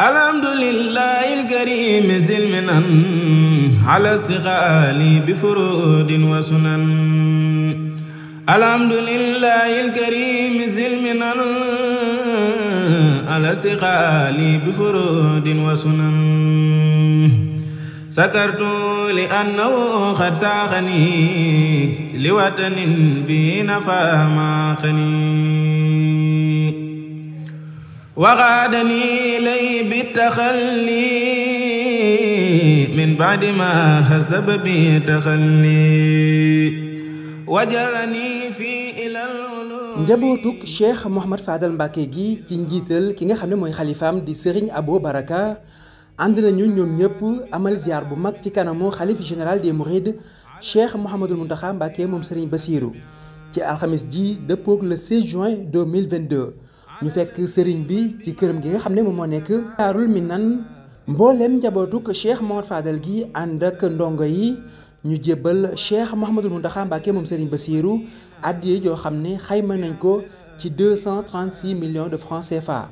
alhamdulillahi alkarimi silminan ala istiqaali bi furudin wa sunan alhamdulillahi alkarimi silminan ala istiqaali bi furudin wa sunan sakartu li annahu qad saaxani li watanin bi nafa maaxani وغادني إلي بالتخلي من بعد ما خسب بي تخلي وجرني في إلى العلوم njabootug Cheikh Mouhamad Fadal Mbacké gi ci njiital ki nga xam ne mooy xalifaam di Serigne Abo Baraka ànd nañu ñoom ñëpp amal ziar bu mag ci kanamu xalif général de Mourides Cheikh Mouhamadul Mountakha Mbacké moom Serigne Bassirou ci alxamis ji dëppoog le 16 juin 2022 ñu fekk sëriñ bi ci këram gi nga xam ne moom moo nekk Daarul Minan mbooleem njabootuk Cheikh Mouhamad Fadal gi ànd ak ndongo yi ñu jébbal Cheikh Mouhamadul Mountakha Mbacké moom sëriñ Bassirou addiye joo xam ne xayma nañ ko ci 236 millions de francs CFA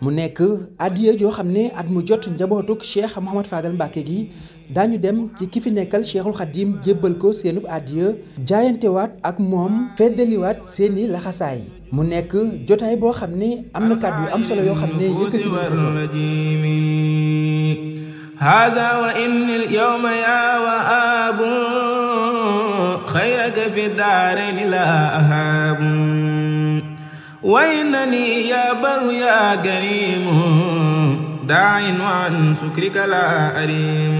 mu nekk addiye yoo xam ne at mu jot njabootuk Cheikh Mouhamad Fadal Mbacké gi daañu dem ci ki fi nekkal Cheikhul Khadim jébbal ko seenub addiye jaayantewaat ak moom feddaliwaat seeni laxasaay mu nekk jotaay boo xam ne am na kàddu yu am solo yoo xam ne yëkkati nañ ko هذا وإني اليوم يا وآب خيرك في الدارين لا أهاب وإنني يا بر يا كريم داع وعن سكرك لا أريم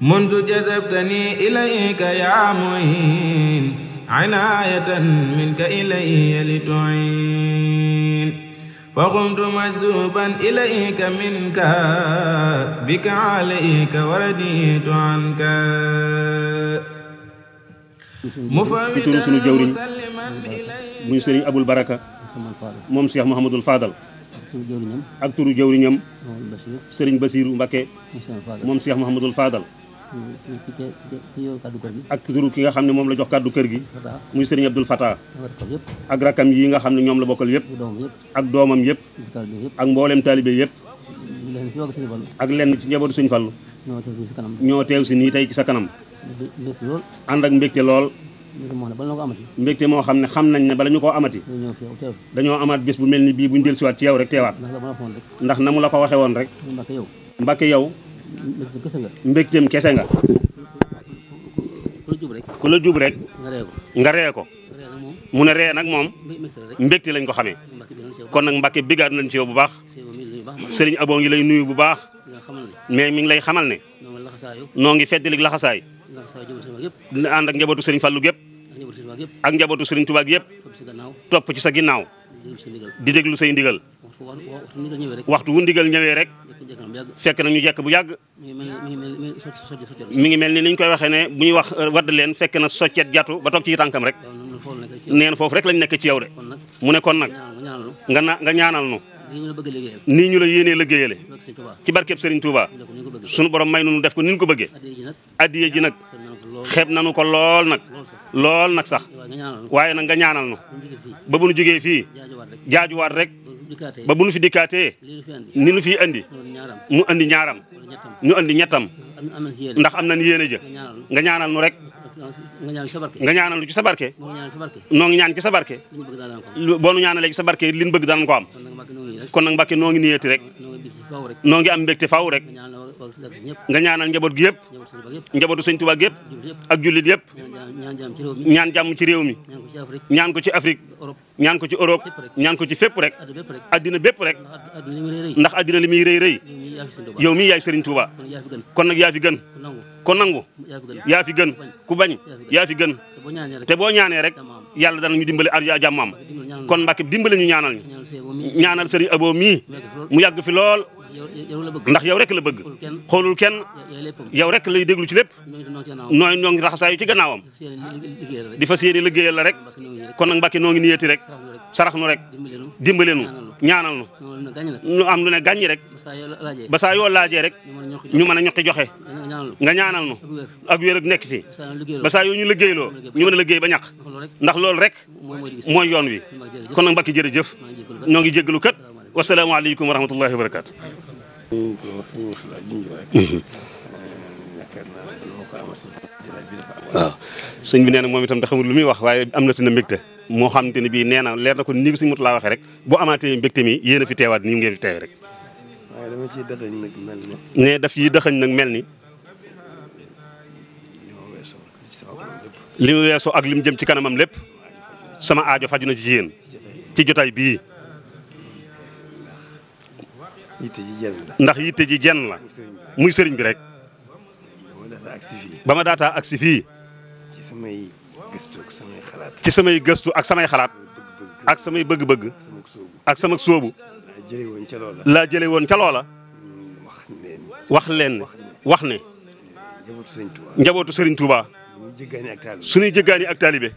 منذ جذبتني إليك يا معين عناية منك إلي لتعين فقمت مجذوبا إليك منك بك عليك ورديت عنك mu tudd sunu jëwriñ muy sëriñ abul baraka moom Cheikh Mouhamadul Fadal ak turu jëwriñam sëriñ Basiiru Mbakke moom Cheikh Mouhamadul Fadal ak turu ki nga xam ne moom la jox kàddu kër gi muy sëriñ Abdul Fatah ak rakkam yi nga xam ne ñoom la bokkal yëpp ak doomam yëpp ak mbooleem taalibe yëpp ak lenn ci njabootu suñu fàllu ñoo teew si nii tey ci sa kanam ànd ak mbégte lool mbégte moo xam ne xam nañ ne bala ñu ko amati dañoo amaat bés bu mel ni bii buñ dellusiwaat ci yow rek teewaat ndax na mu la ko waxe woon rek Mbàkke yow mbégteem kese nga. mbégteem kese nga. ku la jub rek. ku la jub rek. nga ree ko nga ree ko. mu ne ree nag moom. mbégte lañ ko xamee. kon nag Mbàkke bigaat nañ ci yow bu baax. sëriñ Abo ngi lay nuyu bu baax. mais mi ngi lay xamal ne. noo ngi feddali laxasaay. na ànd ak njabootu sëriñ Fallou gépp ak njabootu sëriñ Tuubaa yëpp. topp ci sa ginnaaw. di déglu say ndigal. waxtu wu ndigal ñëwee rek. fekk na ñu jekk bu yàgg. mi ngi mel ni ni koy waxee ne bu ñuy wax euh, wadd leen fekk na soccet jàttu ba toog ci tànkam rek. neen foofu rek lañ nekk ci yow de. mu ne kon nag nga na nga ñaanal nu. nii ñu la yéenee liggéeyale ci barkeb Serigne Touba sunu borom may nu def ko ni ñu ko bëggee. addiye ji nag xeeb nanu ko lool nag. lool nag sax waaye nag nga ñaanal nu ba bu nu jógee fii jaajuwaat rek. ba bu nu fi dikkaatee ni nu fi andi mu andi ñaaram ñu andi ñettam ndax am nañ yéene jë nga ñaanal nu rek nga ñaanal nu ci sa barke noo ngi ñaan ci sa barke boo nu ñaanalee ci sa barke li nu bëgg danañ ko am kon nag Mbàkke noo ngi niyeeti rek noo ngi am mbégte faw rek nga ñaanal njaboot gi yëpp njabootu sëñ Tuubaa yëpp ak jullit yëpp ñaan jàmm ci réew mi ñaan ko ci Afrique ñaan ko ci Europe ñaan ko ci fépp rek addina bépp rek ndax addina li muy rëy rëy yow mii yaay sëriñ Tuubaa kon nag yaa fi gën kon nangu yaa fi gën ku bañ yaa fi gën te boo ñaanee rek yàlla dana ñu dimbale ak jàmmam kon Mbàkke dimbale ñu ñaanal ñu ñaanal sëriñ Abo mii mu yàgg fi lool ndax yow rek la bëgg xoolul kenn yow rek lay déglu ci lépp nooy ñoo raxasaayu ci gannaawam di fas yéene la rek kon a Mbàkke noo ngi niyeeti rek sarax nu rek dimbale nu ñaanal nu ñu am lu ne gàññi rek ba saa yoo laajee rek ñu mën a ñoqi joxe nga ñaanal nu ak nekk fi ba saa yoo ñu liggéeyloo ñu mën a liggéey ba ñàq ndax loolu rek mooy yoon wi kon nag Mbàkke jërëjëf ñoo ngi jéggalu kat wasalaamaaleykum wa rahmatullahi wa waaw sëñ bi nee moom itam te lu muy wax waaye am na ci na mbégte moo xam te ne bii nee na leer na ko nii suñu mut laa waxee rek boo amaatee mbégte mi yéen a fi teewaat nii ngeen fi teewee rek. waaye dama ciy dëxëñ nag mel ni. nee daf yiy dëxëñ nag mel ni. li mu weesoo ak li jëm ci kanamam lépp sama aajo faju na ci yéen ci jotaay bii. ndax yitte ji jenn la muy sëriñ bi rek ba ma daataa agsi fii ci samay gëstu ak samay xalaat ak samay xalaat ak samay bëgg-bëgg ak sama sóobu laa jële woon ca loola mm, wax leen wax ne eh, njabootu sëriñ su suñuy jëggaani ak taalibe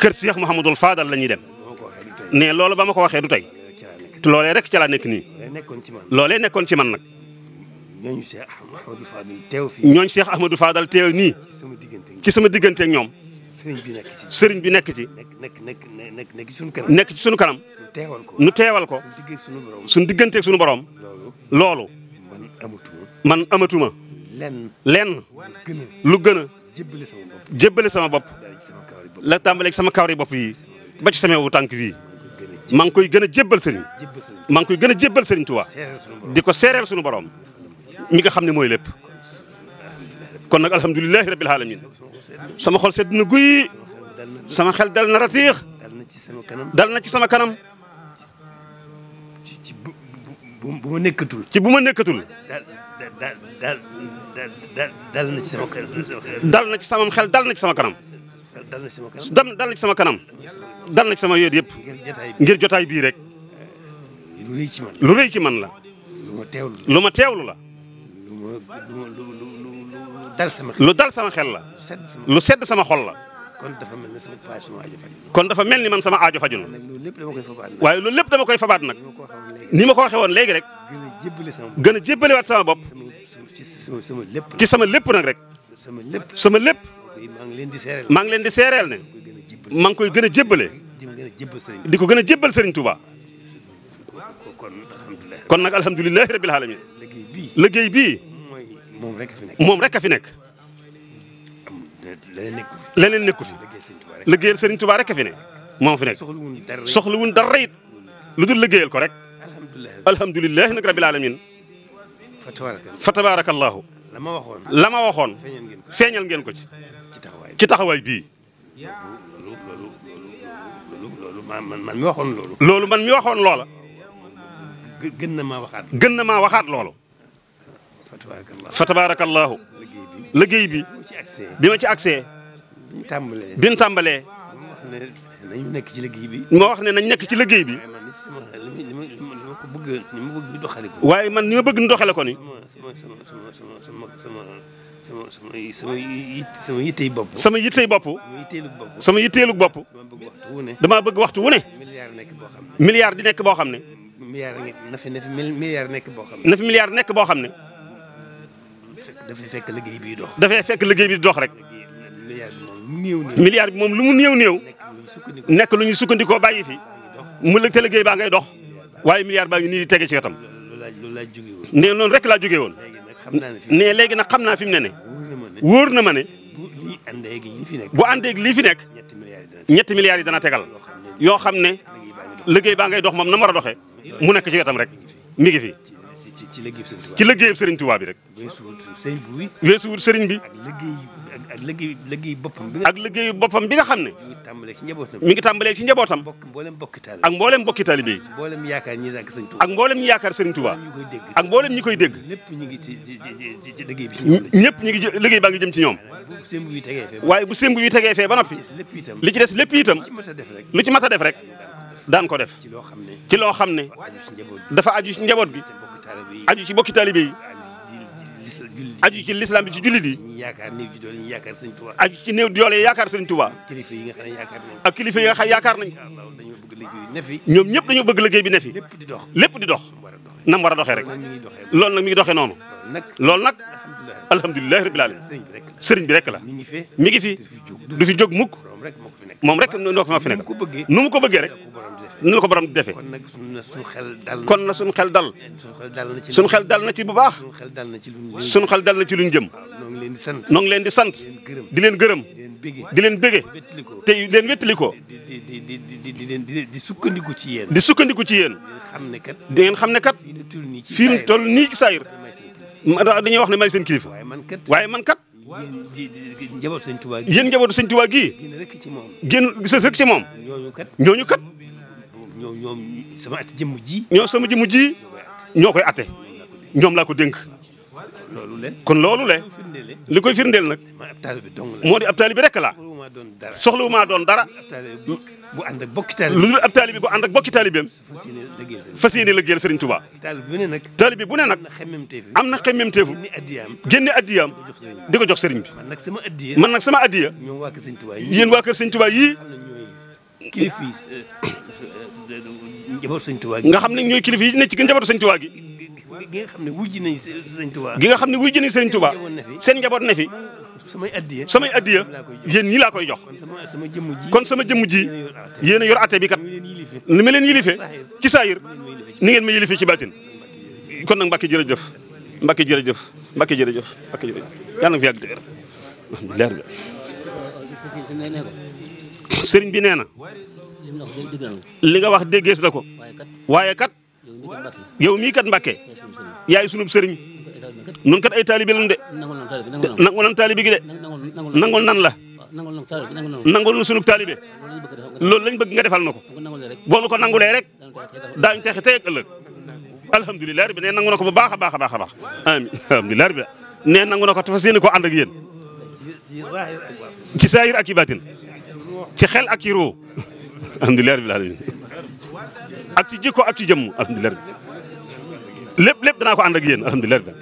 kër si yax Mouhamadul Fadal la ñuy dem ne loolu ba ma ko waxee du tey loolee rek ca laa nekk nii. loolee nekkoon ci man nag. ñooñu Cheikh Ahmadou Fadal teew fii. ñooñu Cheikh Ahmadou Fadal teew nii. ci sama diggante ñoom. sëriñ bi nekk ci bi nekk ci. nekk nekk nekk nekk ci sunu kanam. nekk ci sunu kanam. nu teewal ko nu teewal ko. sunu diggante ak sunu borom. loolu. man amatuma. man amatuma. lenn lu gën a. jébbale sama bopp. la sama kawari bopp yi. ba ci sama wu tànk fii. maa ngi koy gën a jébbal sëriñ maa ngi koy gën a jébbal sëriñ Tuubaa di ko seereel suñu borom mi nga xam ne mooy lépp kon nag alhamdulilahi rabil alamin sama xol sedd na guy sama xel dal na ratiix dal na ci sama kanam ci bu ma nekkatul ci bu ma nekkatul dal na ci sama xel dal na ci sama kanam dal na ci dal na sama kanam dal nañ sama yéen yëpp. ngir jotaay bii rek. lu rëy ci man lu ci man la. lu ma teewlu lu la. lu dal sama xel lu dal sama xel la. lu sedd sama xol la. kon dafa mel ni sama aajo faju kon dafa mel ni man sama aajo faju na. waaye loolu lépp dama koy fabaat nag. ni ma ko waxee woon léegi rek. gën a jébbale sama bopp gën a jébbalewaat sama bopp. ci sama lépp nag rek. sama lépp. maa ngi leen di seereel maa ngi leen di seereel ne maa ngi koy gën a jébbale di ko gën a jébbal Serigne Touba kon nag alhamdulilahi rabil alamin liggéey bii moom rek fi nekk moom rek a fi nekk leneen nekku fi liggéeyal Serigne Touba rek a fi ne moom fi nekk soxlawuñ dara it lu dul liggéeyal ko rek alhamdulilahi nag rabil alamin fa tabaarakallahu la ma waxoon la ma waxoon feeñal ngeen ko ci ci taxawaay bii. loolu man mi waxoon loolu. loolu man mi waxoon loola. gën na maa waxaat. gën na maa waxaat loolu. fa tabaarakallaahu liggéey bi bi ma ci accès. bi ñu tàmbalee bi ñu tàmbalee. moo wax ne nañ nekk ci liggéey bi. moo wax ne nañ nekk ci liggéey bi. bëgg ni ma bëgg waaye man ni ma bëgg ñu ko ni sama sama sama sama sama sama sama sama yittey bopp. sama yittey bopp. sama yitteelu bopp. sama yitteelu bopp. damaa bëgg waxtu wu ne. milliard nekk boo xam ne. milliard di nekk boo xam ne. milliard na fi na fi nekk boo xam ne. na fi milliard nekk boo xam ne. dafay fekk liggéey bi dox. dafay fekk liggéey bi dox rek. milliard bi moom lu mu néew néew. nekk lu ñu sukkandikoo bay fi. mu lëg te baa ngay dox. waaye milliard baa ngi nii di tege ci wetam. nee noonu rek laa jógee woon. nee léegi nag xam naa fi mu ne ne. wóor na ma ne. bu àndeeg lii fi nekk. ñetti milliards yi dana tegal. yoo xam ne liggéey baa ngay dox moom na mu war a doxee. mu nekk ci wetam rek mi ngi fi. ci liggéeyub Serigne Touba bi rek. weesu wut sëriñ bi. liggéey ak liggéey liggéey boppam bi ak liggéeyu bi nga xam ne mi ngi tàmbalee ci njabootam mi ngi tàmbalee ci njabootam mboolem bokki taalibe ak mboolem bokki taalibe yi mboolem yaakaar ñi ak sëñ Tuubaa ak mboolem ñi yaakaar sëñ Tuubaa ak mboolem ñi koy dégg ñëpp ñu ngi ci ci liggéey bi ñëpp ñu ngi liggéey baa ngi jëm ci ñoom waaye bu sémb yu tegee fee ba noppi li ci des lépp itam lu ci mat a def rek daan ko def ci loo xam ne dafa aju ci njaboot bi aju ci bokki taalibe yi aju ci lislaam bi ci jullit yi. ñi yaakaar néew ji doole ñi yaakaar sëñ Tuubaa. aju ci néew doole yaakaar sëñ Tuubaa. kilifa nga xam yaakaar nañ ñoom ñëpp dañoo bëgg liggéey bi ne lépp di dox nam war a doxee rek loolu nag mi ngi doxee noonu. loolu nag alhamdulilah rabbil alamin sëriñ bi rek la mi ngi ngi fi du fi jóg mukk moom rek noo fi nekk nu mu bëggee rek nu la ko borom di defee. kon nag suñu xel dal na. kon na suñu xel dal. suñu xel dal na ci bu baax. suñu xel dal na ci lu baax. suñu xel dal na ci luñ jëm. noo leen di sant. noo ngi leen di sant. di leen gërëm. di leen bëgge. te leen wétali ko. di di di di di sukkandiku ci yéen. di sukkandiku ci yéen. di ngeen xam ne kat. fii tol toll nii ci saayir. dañuy wax ne may seen kilifa. waaye man kat. yéen njabootu sëñ Tuubaa gii. génn rek ci moom. ñooñu kat. ñoo ñoom sama at jëmm ji. ñoo sama jëmm ji ñoo koy atte ñoom laa ko dénk. loolu le kon loolu le li koy firndeel nag. moo di ab taalibe rek laa. soxlawu maa doon dara. bu ànd ak bokki taalibe lu dul ab taalibe bu ànd ak bokki taalibeem. fas yéene liggéeyal Serigne Touba. taalibe bu ne nag. taalibe bu ne nag am na xemmemteefu. génne addiyaam di ko jox Serigne bi. man nag sama addiya. man nag sama addiya. yéen waa kër Serigne Touba yii. kilifa yi njabootu sëñ Tuubaa gi. nga xam ne ñooy kilifa yi ne ci njabootu sëñ Tuubaa gi. gi nga xam ne wujj nañu sëñ Tuubaa. gi nga xam ne wujj nañu sëñ Tuubaa seen njaboot ne fi. samay addiya samay addiya yéen ñii laa koy jox kon sama jëmm ji yéen a yor atte bi kat li ma leen yilife ci saayir ni ngeen ma yilife ci baatin kon nag Mbacke jërëjëf Mbacke jërëjëf Mbacke jëf Mbacke jërëjëf yàlla na fi yàgg te wér sëriñ bi nee na li nga wax déggees na ko waaye kat yow mii kat Mbàkke yaay sunub sëriñ nun kat ay taalibi lañ de nangul nan taalibi gi de nangul nan la nangul nu sunub taalibi loolu lañ bëgg nga defal na ko boo nu ko nangulee rek daañu texe tey ak ëllëg alhamdulilah rabbi nee nangu na ko bu baax a baax a baax a baax amiin alhamdulilah rabbi nee na ko te fas yéene koo ànd ci saayir ak ci xel ak i ruu alhamdulilah rabbil alamin ak ci jikko ak ci jëmm alhamdulilah lépp lépp danaa ko ànd ak yéen alhamdulilah rabbil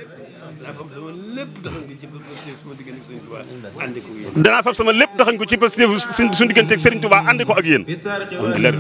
danaa fab sama lépp doxañ ko ci parce que suñu diggante ak Serigne Touba ànd ko ak yéen alhamdulilah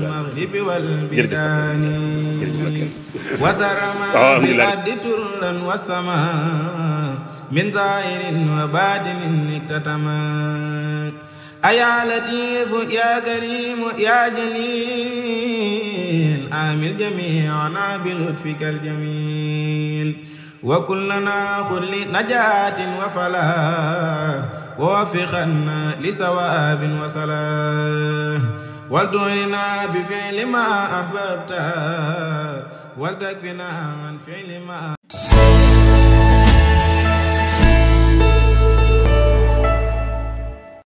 أيا لطيف يا كريم يا جليل آمل جميعنا بلطفك الجميل وكلنا خل نجاة وفلاح ووفقنا لثواب وصلاح والدورنا بفعل ما أحببت والتكفنا عن فعل ما